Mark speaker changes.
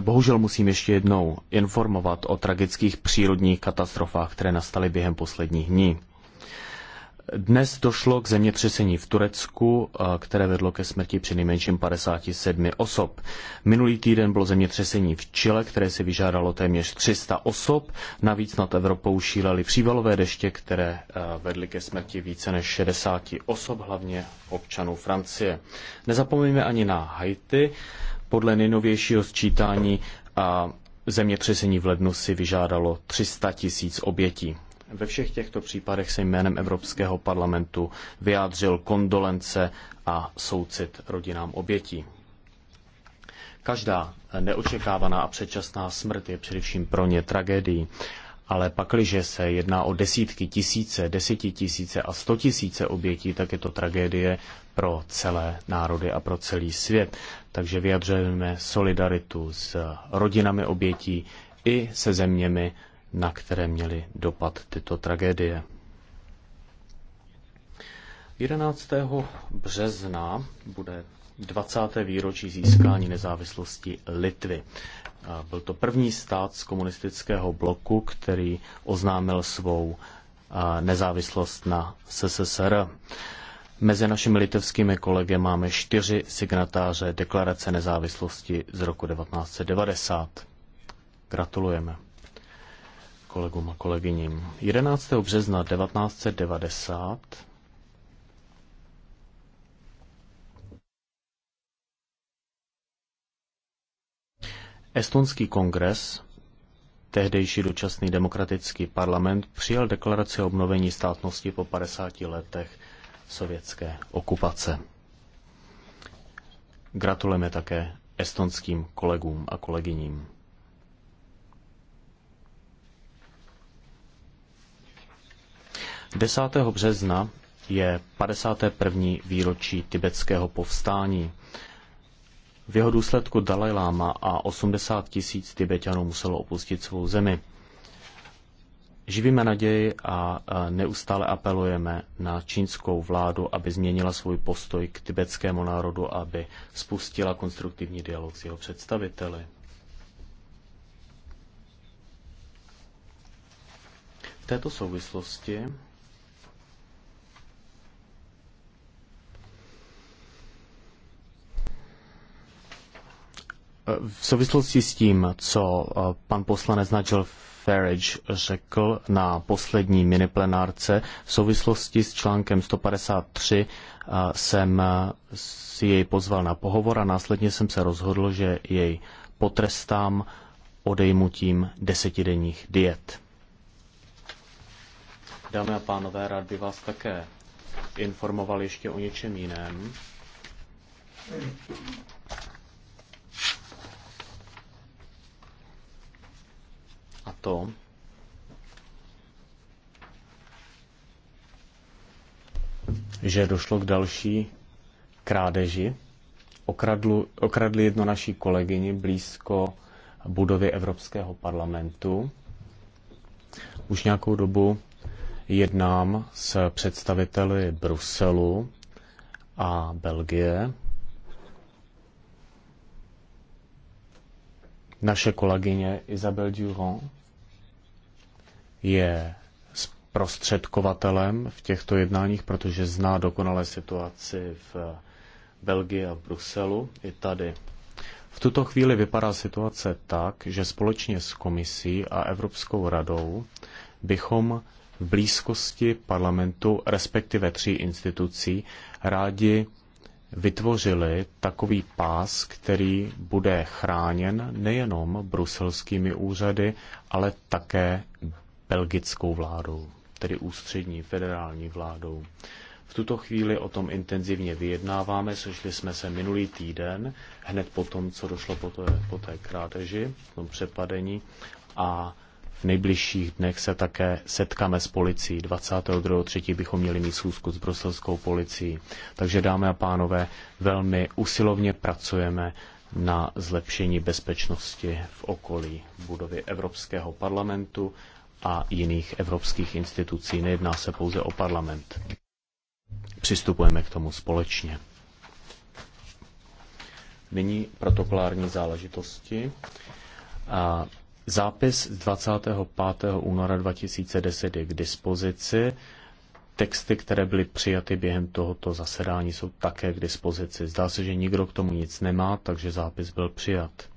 Speaker 1: bohužel musím ještě jednou informovat o tragických přírodních katastrofách, které nastaly během posledních dní. Dnes došlo k zemětřesení v Turecku, které vedlo ke smrti při nejmenším 57 osob. Minulý týden bylo zemětřesení v Chile, které si vyžádalo téměř 300 osob. Navíc nad Evropou šílely přívalové deště, které vedly ke smrti více než 60 osob, hlavně občanů Francie. Nezapomeňme ani na Haiti podle nejnovějšího sčítání a zemětřesení v lednu si vyžádalo 300 tisíc obětí. Ve všech těchto případech se jménem Evropského parlamentu vyjádřil kondolence a soucit rodinám obětí. Každá neočekávaná a předčasná smrt je především pro ně tragédií ale pakliže se jedná o desítky tisíce, desetitisíce a stotisíce obětí, tak je to tragédie pro celé národy a pro celý svět. Takže vyjadřujeme solidaritu s rodinami obětí i se zeměmi, na které měly dopad tyto tragédie. 11. března bude 20. výročí získání nezávislosti Litvy. Byl to první stát z komunistického bloku, který oznámil svou nezávislost na SSSR. Mezi našimi litevskými kolegy máme čtyři signatáře Deklarace nezávislosti z roku 1990. Gratulujeme kolegům a kolegyním. 11. března 1990 Estonský kongres, tehdejší dočasný demokratický parlament, přijal deklaraci o obnovení státnosti po 50 letech sovětské okupace. Gratulujeme také estonským kolegům a kolegyním. Desátého března je 51. výročí tibetského povstání. V jeho důsledku Dalaj Lama a 80 tisíc Tibetanů muselo opustit svou zemi. Živíme naději a neustále apelujeme na čínskou vládu, aby změnila svůj postoj k tibetskému národu, aby spustila konstruktivní dialog s jeho představiteli. V této souvislosti V souvislosti s tím, co eh, pan poslanec Nigel Farage řekl na poslední miniplenárce, v souvislosti s článkem 153 eh, jsem eh, si jej pozval na pohovor a následně jsem se rozhodl, že jej potrestám odejmutím desetidenních diet. Dámy a pánové, rád by vás také informoval ještě o něčem jiném. to, že došlo k další krádeži. Okradlu, okradli jedno naší kolegyni blízko budovy Evropského parlamentu. Už nějakou dobu jednám s představiteli Bruselu a Belgie. Naše kolegyně Isabel Durand je prostředkovatelem v těchto jednáních, protože zná dokonale situaci v Belgii a Bruselu i tady. V tuto chvíli vypadá situace tak, že společně s komisí a Evropskou radou bychom v blízkosti parlamentu, respektive tří institucí, rádi vytvořili takový pás, který bude chráněn nejenom bruselskými úřady, ale také belgickou vládou, tedy ústřední federální vládou. V tuto chvíli o tom intenzivně vyjednáváme, sešli jsme se minulý týden, hned po tom, co došlo po té, po té krádeži, po tom přepadení a v nejbližších dnech se také setkáme s policií. 22.3. bychom měli mít schůzku s bruselskou policií. Takže dámy a pánové, velmi usilovně pracujeme na zlepšení bezpečnosti v okolí budovy Evropského parlamentu a jiných evropských institucí. Nejedná se pouze o parlament. Přistupujeme k tomu společně. Nyní protokolární záležitosti. A zápis z 25. února 2010 je k dispozici. Texty, které byly přijaty během tohoto zasedání, jsou také k dispozici. Zdá se, že nikdo k tomu nic nemá, takže zápis byl přijat.